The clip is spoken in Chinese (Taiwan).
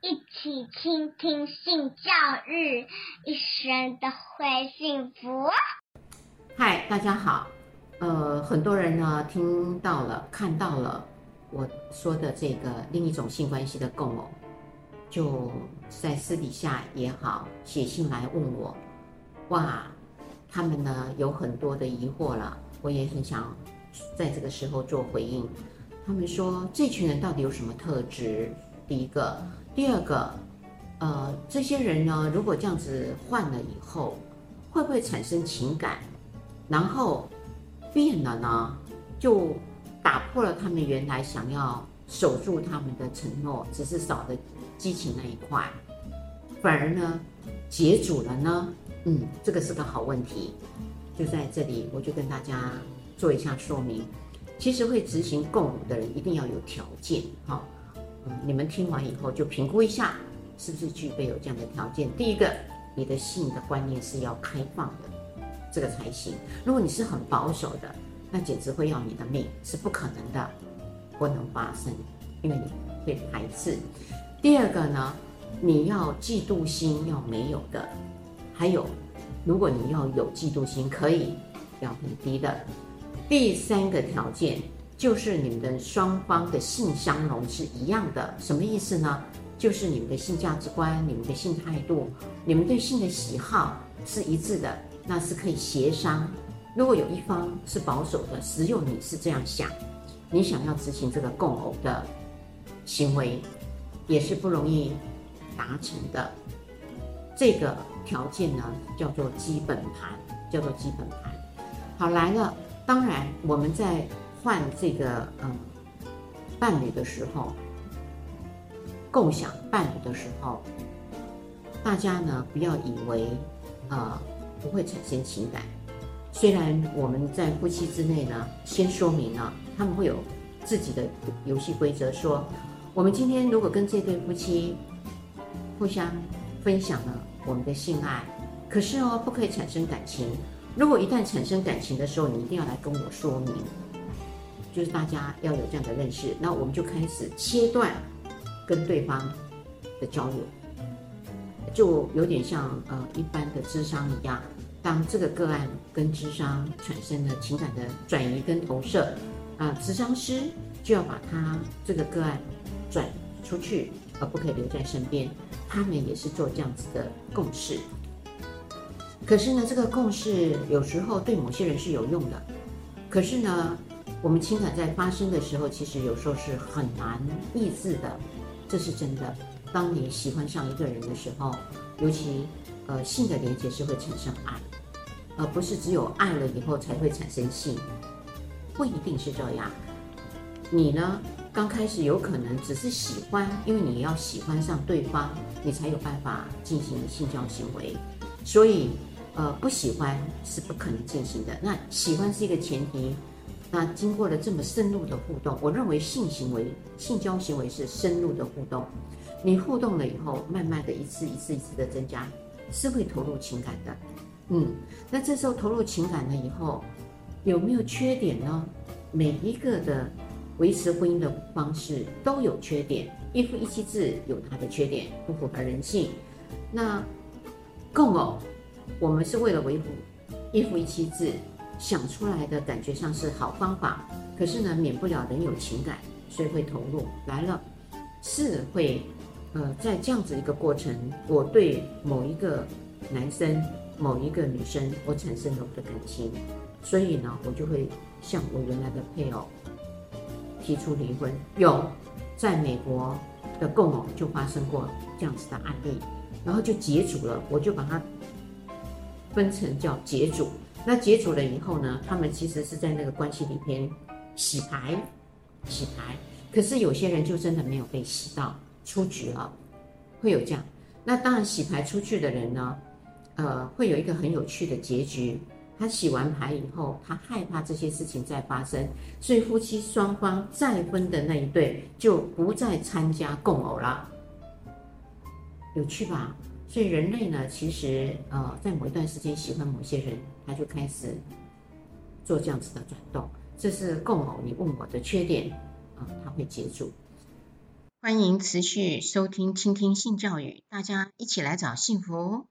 一起傾聽性教育，一生都會幸福。嗨，大家好。呃，很多人呢聽到了、看到了我說的這個另一種性關係的共偶，就在私底下也好，寫信來問我。哇，他們呢有很多的疑惑了，我也很想在這個時候做回應。他們說，這群人到底有什麼特質？第一個，第二個，呃，這些人呢，如果這樣子換了以後，會不會產生情感，然後變了呢，就打破了他們原來想要守住他們的承諾，只是少的激情那一塊，反而呢，解組了呢？嗯，這個是個好問題，就在這裡，我就跟大家做一下說明。其實會執行共偶的人，一定要有條件，好、哦。你們聽完以後就評估一下，是不是具備有這樣的條件？第一個，你的性的觀念是要開放的，這個才行。如果你是很保守的，那簡直會要你的命，是不可能的，不能發生，因為你會排斥。第二個呢，你要嫉妒心要沒有的，還有，如果你要有嫉妒心，可以要很低的。第三個條件。就是你們的雙方的性相容是一樣的，什麼意思呢？就是你們的性價值觀、你們的性態度、你們對性的喜好是一致的，那是可以協商。如果有一方是保守的，只有你是這樣想，你想要執行這個共偶的行為，也是不容易達成的。這個條件呢，叫做基本盤，叫做基本盤。好，來了，當然我們在。換這個嗯伴侶的時候，共享伴侶的時候，大家呢不要以為啊、呃、不會產生情感。雖然我們在夫妻之內呢，先說明了、啊、他們會有自己的遊戲規則，說我們今天如果跟這對夫妻互相分享了我們的性愛，可是哦不可以產生感情。如果一旦產生感情的時候，你一定要來跟我說明。就是大家要有這樣的認識，那我們就開始切斷跟對方的交流，就有點像呃一般的諮商一樣。當這個個案跟諮商產生了情感的轉移跟投射，啊、呃，諮商師就要把他這個個案轉出去，而不可以留在身邊。他們也是做這樣子的共識。可是呢，這個共識有時候對某些人是有用的，可是呢。我們情感在發生的時候，其實有時候是很難抑制的，這是真的。當你喜歡上一個人的時候，尤其呃性的連接是會產生愛，而不是只有愛了以後才會產生性，不一定是這樣。你呢，剛開始有可能只是喜歡，因為你要喜歡上對方，你才有辦法進行性交行為。所以，呃，不喜歡是不可能進行的。那喜歡是一個前提。那經過了這麼深入的互動，我認為性行為、性交行為是深入的互動。你互動了以後，慢慢的一次一次一次的增加，是會投入情感的。嗯，那這時候投入情感了以後，有沒有缺點呢？每一個的維持婚姻的方式都有缺點，一夫一妻制有它的缺點，不符合人性。那共偶，我們是為了維護一夫一妻制。想出來的感覺上是好方法，可是呢，免不了人有情感，所以會投入來了，是會，呃，在這樣子一個過程，我對某一個男生、某一個女生，我產生了我的感情，所以呢，我就會向我原來的配偶提出離婚。有，在美國的共偶就發生過這樣子的案例，然後就解組了，我就把它分成叫解組。那解除了以後呢，他們其實是在那個關係裡邊洗牌、洗牌。可是有些人就真的沒有被洗到出局了，會有這樣。那當然洗牌出去的人呢，呃，會有一個很有趣的結局。他洗完牌以後，他害怕這些事情再發生，所以夫妻雙方再婚的那一對就不再參加共偶了。有趣吧？所以人類呢，其實呃，在某一段時間喜歡某些人，他就開始做這樣子的轉動。這是共偶，你問我的缺點啊、呃，他會接住。歡迎持續收聽、傾聽性教育，大家一起來找幸福、哦。